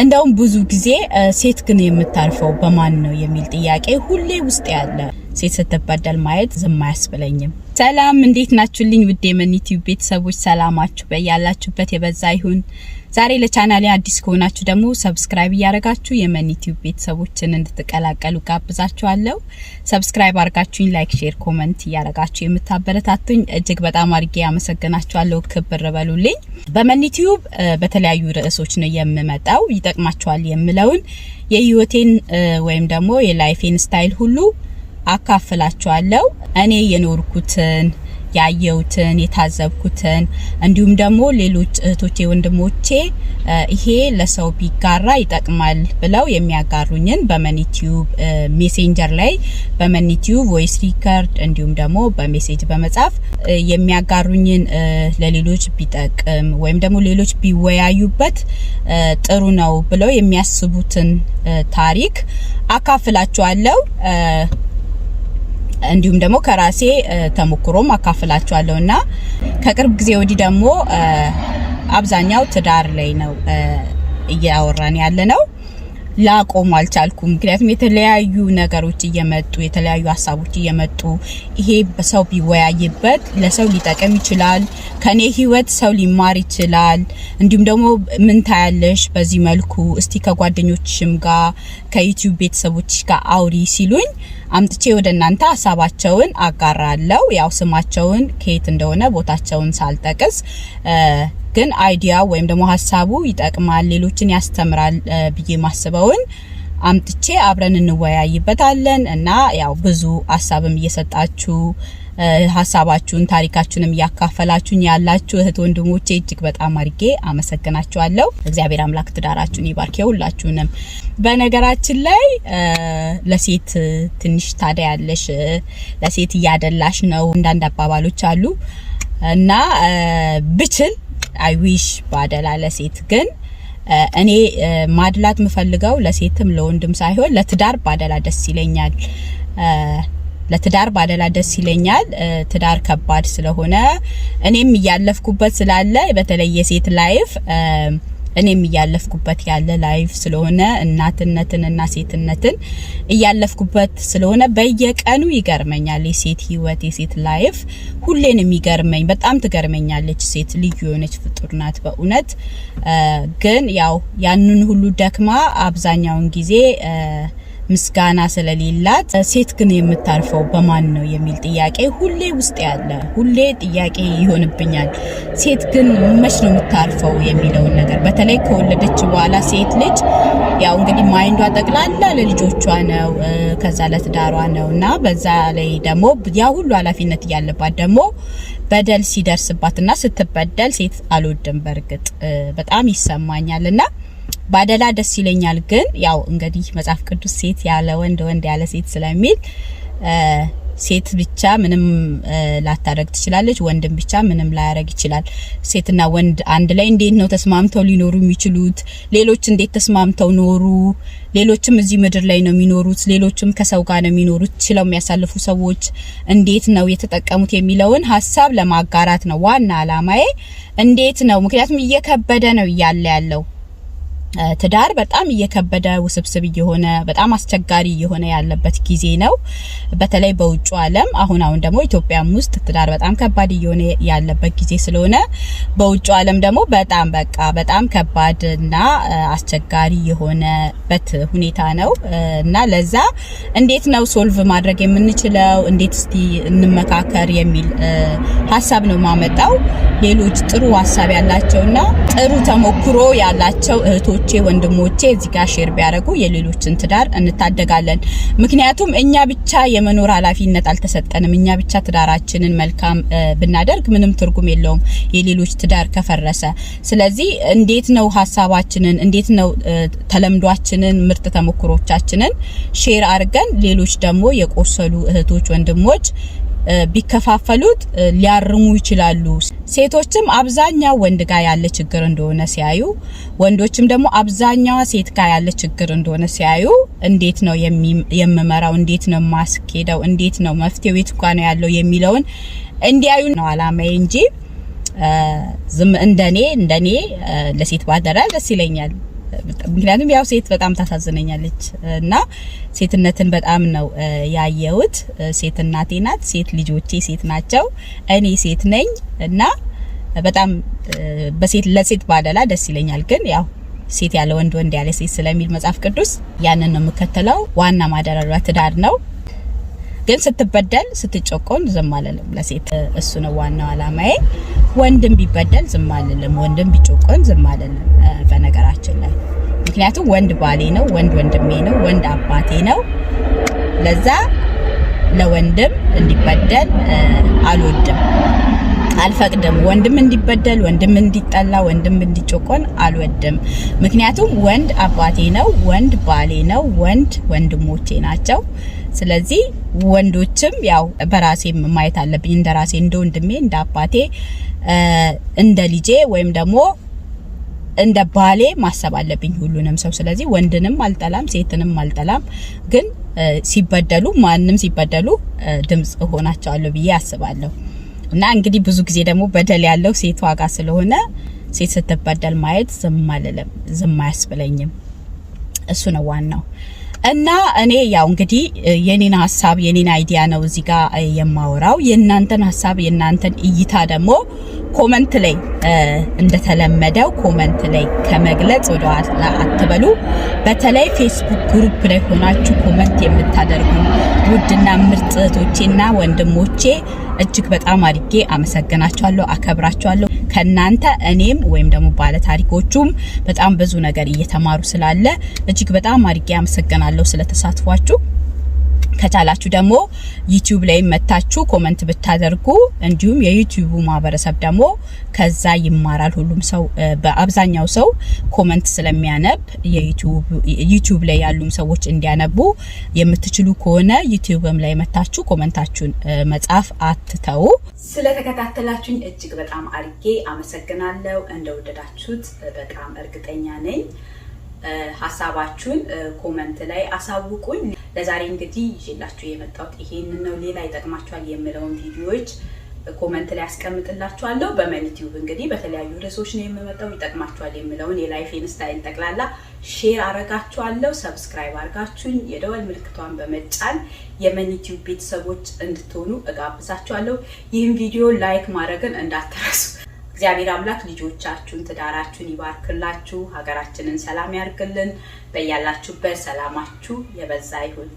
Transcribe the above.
እንደውም ብዙ ጊዜ ሴት ግን የምታርፈው በማን ነው የሚል ጥያቄ ሁሌ ውስጥ ያለ፣ ሴት ስትበደል ማየት ዝም አያስብለኝም። ሰላም፣ እንዴት ናችሁልኝ? ውዴ የመኒቲዩ ቤተሰቦች ሰላማችሁ በያላችሁበት የበዛ ይሁን። ዛሬ ለቻናሌ አዲስ ከሆናችሁ ደግሞ ሰብስክራይብ እያደረጋችሁ የመን ዩቲዩብ ቤተሰቦችን እንድትቀላቀሉ ጋብዛችኋለሁ። ሰብስክራይብ አድርጋችሁኝ ላይክ፣ ሼር፣ ኮመንት እያደረጋችሁ የምታበረታቱኝ እጅግ በጣም አድርጌ አመሰግናችኋለሁ። ክብር በሉልኝ። በመን ዩቲዩብ በተለያዩ ርዕሶች ነው የምመጣው። ይጠቅማችኋል የምለውን የህይወቴን ወይም ደግሞ የላይፌን ስታይል ሁሉ አካፍላችኋለሁ። እኔ የኖርኩትን ያየሁትን የታዘብኩትን እንዲሁም ደግሞ ሌሎች እህቶቼ ወንድሞቼ ይሄ ለሰው ቢጋራ ይጠቅማል ብለው የሚያጋሩኝን በመኒቲዩብ ሜሴንጀር ላይ በመኒቲዩብ ቮይስ ሪከርድ እንዲሁም ደግሞ በሜሴጅ በመጻፍ የሚያጋሩኝን ለሌሎች ቢጠቅም ወይም ደግሞ ሌሎች ቢወያዩበት ጥሩ ነው ብለው የሚያስቡትን ታሪክ አካፍላችኋለሁ። እንዲሁም ደግሞ ከራሴ ተሞክሮም አካፍላችኋለሁ እና ከቅርብ ጊዜ ወዲህ ደግሞ አብዛኛው ትዳር ላይ ነው እያወራን ያለ ነው። ላቆም አልቻልኩም። ምክንያቱም የተለያዩ ነገሮች እየመጡ የተለያዩ ሀሳቦች እየመጡ ይሄ ሰው ቢወያይበት ለሰው ሊጠቅም ይችላል፣ ከኔ ህይወት ሰው ሊማር ይችላል። እንዲሁም ደግሞ ምን ታያለሽ በዚህ መልኩ እስቲ ከጓደኞችም ጋር ከዩቲዩብ ቤተሰቦች ጋር አውሪ ሲሉኝ አምጥቼ ወደ እናንተ ሀሳባቸውን አጋራለሁ። ያው ስማቸውን ከየት እንደሆነ ቦታቸውን ሳልጠቅስ ግን አይዲያ ወይም ደግሞ ሀሳቡ ይጠቅማል፣ ሌሎችን ያስተምራል ብዬ ማስበውን አምጥቼ አብረን እንወያይበታለን እና ያው ብዙ ሀሳብም እየሰጣችሁ ሀሳባችሁን ታሪካችሁንም እያካፈላችሁኝ ያላችሁ እህት ወንድሞቼ እጅግ በጣም አድርጌ አመሰግናችኋለሁ። እግዚአብሔር አምላክ ትዳራችሁን ይባርክ ሁላችሁንም። በነገራችን ላይ ለሴት ትንሽ ታዲያ ያለሽ ለሴት እያደላሽ ነው እንዳንድ አባባሎች አሉ እና ብችል አይ ዊሽ ባደላ ለሴት ግን እኔ ማድላት የምፈልገው ለሴትም ለወንድም ሳይሆን ለትዳር ባደላ ደስ ይለኛል። ለትዳር ባደላ ደስ ይለኛል። ትዳር ከባድ ስለሆነ እኔም እያለፍኩበት ስላለ በተለይ የሴት ላይፍ እኔም እያለፍኩበት ያለ ላይፍ ስለሆነ እናትነትን እና ሴትነትን እያለፍኩበት ስለሆነ በየቀኑ ይገርመኛል። የሴት ህይወት፣ የሴት ላይፍ ሁሌን የሚገርመኝ በጣም ትገርመኛለች። ሴት ልዩ የሆነች ፍጡር ናት በእውነት ግን ያው ያንን ሁሉ ደክማ አብዛኛውን ጊዜ ምስጋና ስለሌላት ሴት ግን የምታርፈው በማን ነው የሚል ጥያቄ ሁሌ ውስጥ ያለ ሁሌ ጥያቄ ይሆንብኛል። ሴት ግን መች ነው የምታርፈው የሚለውን ነገር በተለይ ከወለደች በኋላ ሴት ልጅ ያው እንግዲህ ማይንዷ ጠቅላላ ለልጆቿ ነው፣ ከዛ ለትዳሯ ነው እና በዛ ላይ ደግሞ ያ ሁሉ ኃላፊነት እያለባት ደግሞ በደል ሲደርስባትና ስትበደል ሴት አልወድም። በእርግጥ በጣም ይሰማኛል እና ባደላ ደስ ይለኛል። ግን ያው እንግዲህ መጽሐፍ ቅዱስ ሴት ያለ ወንድ ወንድ ያለ ሴት ስለሚል ሴት ብቻ ምንም ላታረግ ትችላለች፣ ወንድም ብቻ ምንም ላያረግ ይችላል። ሴትና ወንድ አንድ ላይ እንዴት ነው ተስማምተው ሊኖሩ የሚችሉት? ሌሎች እንዴት ተስማምተው ኖሩ? ሌሎችም እዚህ ምድር ላይ ነው የሚኖሩት፣ ሌሎችም ከሰው ጋር ነው የሚኖሩት። ችለው የሚያሳልፉ ሰዎች እንዴት ነው የተጠቀሙት የሚለውን ሀሳብ ለማጋራት ነው ዋና አላማዬ። እንዴት ነው ምክንያቱም እየከበደ ነው እያለ ያለው ትዳር በጣም እየከበደ ውስብስብ እየሆነ በጣም አስቸጋሪ እየሆነ ያለበት ጊዜ ነው። በተለይ በውጭ ዓለም አሁን አሁን ደግሞ ኢትዮጵያም ውስጥ ትዳር በጣም ከባድ እየሆነ ያለበት ጊዜ ስለሆነ በውጭ ዓለም ደግሞ በጣም በቃ በጣም ከባድና አስቸጋሪ የሆነበት ሁኔታ ነው እና ለዛ እንዴት ነው ሶልቭ ማድረግ የምንችለው እንዴት እስቲ እንመካከር የሚል ሀሳብ ነው ማመጣው ሌሎች ጥሩ ሀሳብ ያላቸውና ጥሩ ተሞክሮ ያላቸው እህቶች እህቶቼ ወንድሞቼ እዚህ ጋር ሼር ቢያደርጉ የሌሎችን ትዳር እንታደጋለን። ምክንያቱም እኛ ብቻ የመኖር ኃላፊነት አልተሰጠንም። እኛ ብቻ ትዳራችንን መልካም ብናደርግ ምንም ትርጉም የለውም የሌሎች ትዳር ከፈረሰ። ስለዚህ እንዴት ነው ሀሳባችንን እንዴት ነው ተለምዷችንን ምርጥ ተሞክሮቻችንን ሼር አድርገን ሌሎች ደግሞ የቆሰሉ እህቶች ወንድሞች ቢከፋፈሉት ሊያርሙ ይችላሉ። ሴቶችም አብዛኛው ወንድ ጋር ያለ ችግር እንደሆነ ሲያዩ፣ ወንዶችም ደግሞ አብዛኛዋ ሴት ጋር ያለ ችግር እንደሆነ ሲያዩ እንዴት ነው የምመራው፣ እንዴት ነው ማስኬደው፣ እንዴት ነው መፍትሄው የት ጋ ነው ያለው የሚለውን እንዲያዩ ነው አላማዬ እንጂ ዝም እንደኔ እንደኔ ለሴት ባደራ ደስ ይለኛል። ምክንያቱም ያው ሴት በጣም ታሳዝነኛለች እና ሴትነትን በጣም ነው ያየሁት። ሴት እናቴ ናት፣ ሴት ልጆቼ ሴት ናቸው፣ እኔ ሴት ነኝ እና በጣም በሴት ለሴት ባደላ ደስ ይለኛል። ግን ያው ሴት ያለ ወንድ ወንድ ያለ ሴት ስለሚል መጽሐፍ ቅዱስ ያንን ነው የምከተለው። ዋና ማደራሪያ ትዳር ነው። ግን ስትበደል ስትጨቆን ዝም አልልም። ለሴት እሱ ነው ዋናው አላማዬ። ወንድም ቢበደል ዝም አልልም፣ ወንድም ቢጮቆን ዝም አልልም። በነገራችን ላይ ምክንያቱም ወንድ ባሌ ነው፣ ወንድ ወንድሜ ነው፣ ወንድ አባቴ ነው። ለዛ ለወንድም እንዲበደል አልወድም፣ አልፈቅድም። ወንድም እንዲበደል፣ ወንድም እንዲጠላ፣ ወንድም እንዲጮቆን አልወድም። ምክንያቱም ወንድ አባቴ ነው፣ ወንድ ባሌ ነው፣ ወንድ ወንድሞቼ ናቸው። ስለዚህ ወንዶችም ያው በራሴ ማየት አለብኝ እንደ ራሴ እንደ ወንድሜ እንደ አባቴ እንደ ልጄ ወይም ደግሞ እንደ ባሌ ማሰብ አለብኝ ሁሉንም ሰው። ስለዚህ ወንድንም አልጠላም፣ ሴትንም አልጠላም። ግን ሲበደሉ ማንም ሲበደሉ ድምጽ ሆናቸዋለሁ ብዬ አስባለሁ። እና እንግዲህ ብዙ ጊዜ ደግሞ በደል ያለው ሴት ዋጋ ስለሆነ ሴት ስትበደል ማየት ዝም አልልም፣ ዝም አያስብለኝም። እሱ ነው ዋናው። እና እኔ ያው እንግዲህ የኔን ሀሳብ የኔን አይዲያ ነው እዚህ ጋር የማወራው። የእናንተን ሀሳብ የእናንተን እይታ ደግሞ ኮመንት ላይ እንደተለመደው ኮመንት ላይ ከመግለጽ ወደ ኋላ አትበሉ። በተለይ ፌስቡክ ግሩፕ ላይ ሆናችሁ ኮመንት የምታደርጉ ውድና ምርጥ እህቶቼና ወንድሞቼ እጅግ በጣም አድጌ አመሰግናችኋለሁ፣ አከብራችኋለሁ። ከእናንተ እኔም ወይም ደግሞ ባለ ታሪኮቹም በጣም ብዙ ነገር እየተማሩ ስላለ እጅግ በጣም አድርጌ አመሰግናለሁ ስለተሳትፏችሁ። ከቻላችሁ ደግሞ ዩቲዩብ ላይ መታችሁ ኮመንት ብታደርጉ እንዲሁም የዩቲዩቡ ማህበረሰብ ደግሞ ከዛ ይማራል። ሁሉም ሰው በአብዛኛው ሰው ኮመንት ስለሚያነብ ዩቲዩብ ላይ ያሉም ሰዎች እንዲያነቡ የምትችሉ ከሆነ ዩቲዩብም ላይ መታችሁ ኮመንታችሁን መጻፍ አትተው። ስለተከታተላችሁኝ እጅግ በጣም አርጌ አመሰግናለሁ። እንደወደዳችሁት በጣም እርግጠኛ ነኝ። ሀሳባችሁን ኮመንት ላይ አሳውቁኝ። ለዛሬ እንግዲህ ይዤላችሁ የመጣሁት ይሄን ነው። ሌላ ይጠቅማችኋል የምለውን ቪዲዮዎች ኮመንት ላይ አስቀምጥላችኋለሁ። በመን እንግዲህ በተለያዩ ርዕሶች ነው የምመጣው። ይጠቅማችኋል የምለውን የላይፌን ስታይል ጠቅላላ ሼር አረጋችኋለሁ። ሰብስክራይብ አርጋችሁኝ የደወል ምልክቷን በመጫን የመኒቲዩብ ቤተሰቦች እንድትሆኑ እጋብዛችኋለሁ። ይህን ቪዲዮ ላይክ ማድረግን እንዳትረሱ። እግዚአብሔር አምላክ ልጆቻችሁን፣ ትዳራችሁን ይባርክላችሁ። ሀገራችንን ሰላም ያርግልን። በያላችሁበት ሰላማችሁ የበዛ ይሁን።